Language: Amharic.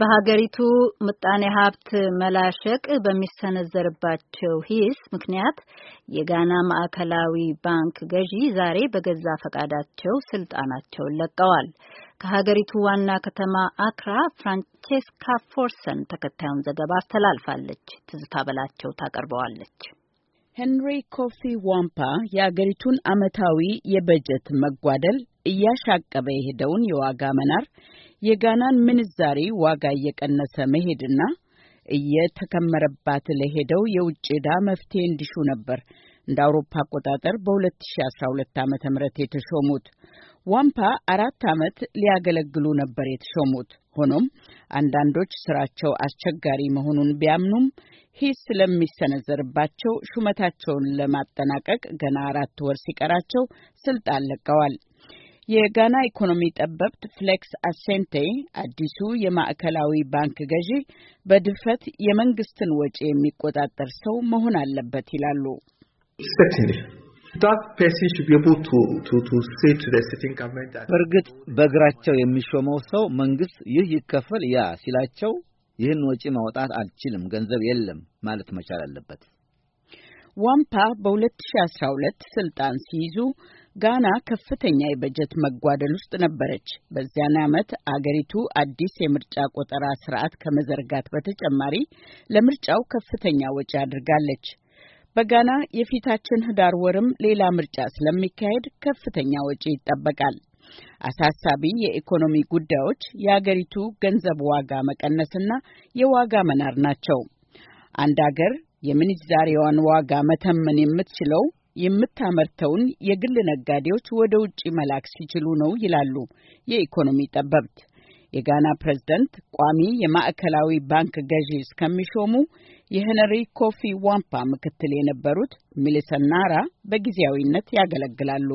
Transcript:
በሀገሪቱ ምጣኔ ሀብት መላሸቅ በሚሰነዘርባቸው ሂስ ምክንያት የጋና ማዕከላዊ ባንክ ገዢ ዛሬ በገዛ ፈቃዳቸው ስልጣናቸውን ለቀዋል። ከሀገሪቱ ዋና ከተማ አክራ ፍራንቼስካ ፎርሰን ተከታዩን ዘገባ አስተላልፋለች። ትዝታ በላቸው ታቀርበዋለች። ሄንሪ ኮፊ ዋምፓ የአገሪቱን ዓመታዊ የበጀት መጓደል እያሻቀበ የሄደውን የዋጋ መናር የጋናን ምንዛሪ ዋጋ እየቀነሰ መሄድና እየተከመረባት ለሄደው የውጭ ዕዳ መፍትሄ እንዲሹ ነበር እንደ አውሮፓ አቆጣጠር በ2012 ዓ ም የተሾሙት። ዋምፓ አራት ዓመት ሊያገለግሉ ነበር የተሾሙት። ሆኖም አንዳንዶች ስራቸው አስቸጋሪ መሆኑን ቢያምኑም ሂስ ስለሚሰነዘርባቸው ሹመታቸውን ለማጠናቀቅ ገና አራት ወር ሲቀራቸው ስልጣን ለቀዋል። የጋና ኢኮኖሚ ጠበብት ፍሌክስ አሴንቴ አዲሱ የማዕከላዊ ባንክ ገዢ በድፈት የመንግስትን ወጪ የሚቆጣጠር ሰው መሆን አለበት ይላሉ። በእርግጥ በእግራቸው የሚሾመው ሰው መንግስት ይህ ይከፈል ያ ሲላቸው ይህን ወጪ ማውጣት አልችልም፣ ገንዘብ የለም ማለት መቻል አለበት። ዋምፓ በ2012 ስልጣን ሲይዙ ጋና ከፍተኛ የበጀት መጓደል ውስጥ ነበረች። በዚያን ዓመት አገሪቱ አዲስ የምርጫ ቆጠራ ስርዓት ከመዘርጋት በተጨማሪ ለምርጫው ከፍተኛ ወጪ አድርጋለች። በጋና የፊታችን ህዳር ወርም ሌላ ምርጫ ስለሚካሄድ ከፍተኛ ወጪ ይጠበቃል። አሳሳቢ የኢኮኖሚ ጉዳዮች የአገሪቱ ገንዘብ ዋጋ መቀነስና የዋጋ መናር ናቸው። አንድ አገር የምንዛሬዋን ዋጋ መተመን የምትችለው የምታመርተውን የግል ነጋዴዎች ወደ ውጭ መላክ ሲችሉ ነው ይላሉ የኢኮኖሚ ጠበብት። የጋና ፕሬዝደንት ቋሚ የማዕከላዊ ባንክ ገዢ እስከሚሾሙ የሄነሪ ኮፊ ዋምፓ ምክትል የነበሩት ሚልሰናራ በጊዜያዊነት ያገለግላሉ።